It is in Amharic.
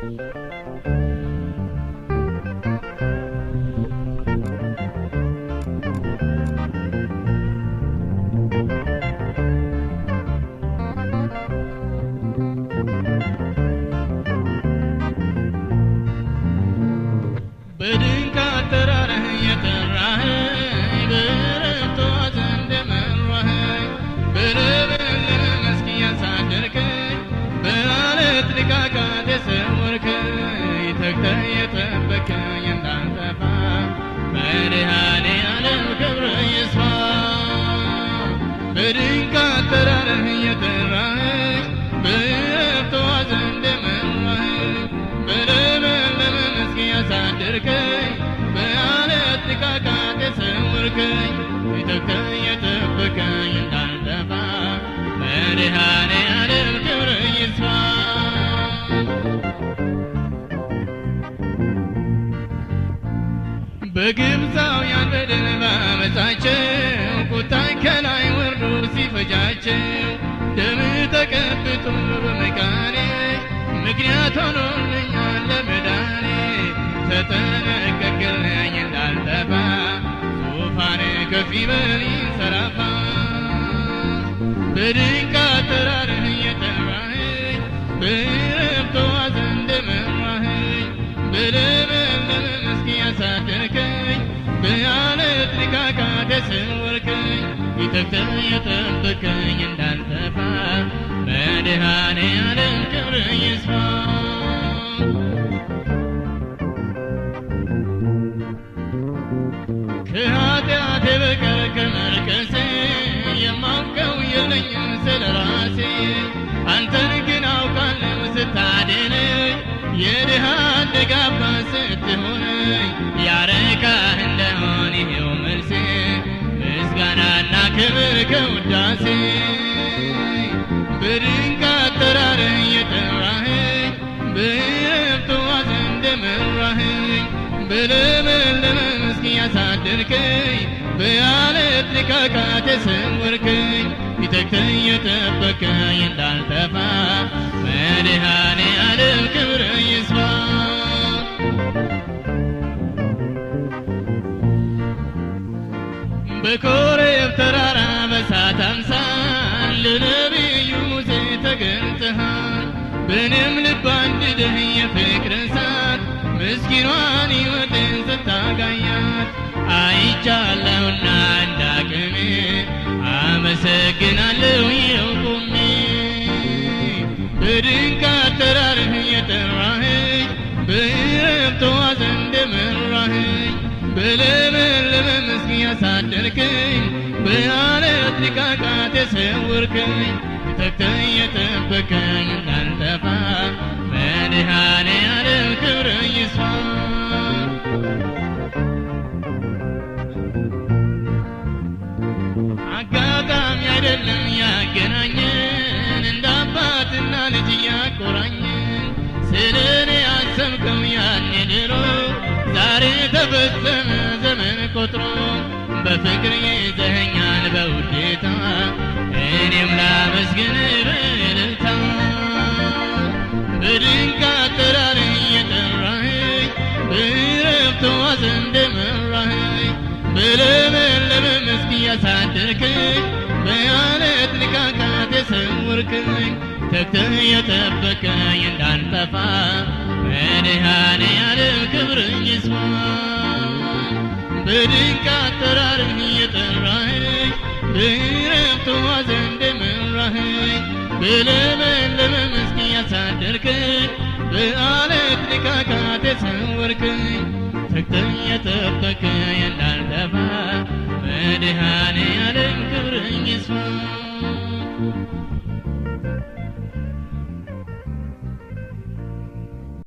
Thank you. መድኃኔዓለም ክብር ይስፋ በድንቅ አጠራርህ እየጠራህ በፍትዋ ዘንድ መራህ በለመለመ መስክ ያሳደርከኝ በአለት ጥቃቃት የሰወርከኝ ይተካ የጠበቀኝ እንዳልጠፋ መድኃኔ ያን በደል ባመፃቸው ቁጣን ከላይ ወርዶ ሲፈጃቸው ደም ተቀብቶ ምክንያት ሆኖልኛል ለመዳኔ ተጠነቀቅልኝ እንዳልጠፋ ይንሰራፋ በድንቅ አጠራርህ በረብቶ ስወርቅኝ ይተክተህ የጠበቀኝ እንዳንጠፋ መድኃኔዓለም ክብር ይስፋ። ከኃጢአቴ በቀር ከመርከሴ የማውቀው የለኝም ስለ ራሴ አንተን ግን አውቃለሁ ስታድነኝ የድሃ ደጋባ ስትሆን ያደረገው ዳሴ በድንቅ አጠራረ የጠራኸኝ በየብቶ ዋዘን እንደመራኸኝ በለመለመ መስክ ያሳደርከኝ በያለት ፊተክተኝ የጠበቀኝ እንዳልጠፋ መድኃኔ ዓለም ክብረ ይስፋ ተራራ ታንሳን ለነቢዩ ተገልጠሃል በእኔም ልብ አንድደህ የፍቅርን ሳት ምስኪኗን ሕይወትን ስታጋያት አይቻለሁና እንዳቅሜ አመሰግናለሁ ይኸው ቆሜ በድንቅ አጠራርህ በለመ ያሳደልከኝ በአለት ንቃቃት የሰውርከኝ ተክተኝ የጠበቀኝ እንዳልጠፋ መድኃኔዓለም ክብረ ይስፋ አጋጣሚ አይደለም ያገናኘን እንደ አባትና ልጅ እያቆራኘን ስለ እኔ ያኔ ድሮ ዛሬ ተፈጸመ በፍቅር ይዘኸኛል በውዴታ እኔም ላመስግን በእልልታ በድንቅ አጠራር እየጠራኸኝ በእረፍት ዋስ እንደመራኸኝ በለመለመ መስክ እያሳደርከኝ በያለት ንቃቃት የሰወርከኝ ተግተህ የጠበቀኝ እንዳንጠፋ መድኃኔ ዓለም ይስፋ በድንቅ አጠራርህ እየጠራኸኝ ድረቱ ዘንድ መራኸኝ በለመለመ መስክ ያሳደርከኝ በአለት እንዳልጠፋ መድኃኔ